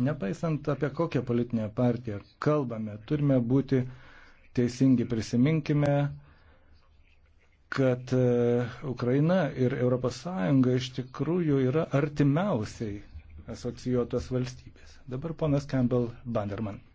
Nepaisant apie kokią politinę partiją kalbame, turime būti teisingi, prisiminkime, kad e, Ukraina ir ES iš tikrųjų yra artimiausiai asocijuotos valstybės. Dabar ponas Campbell Banderman.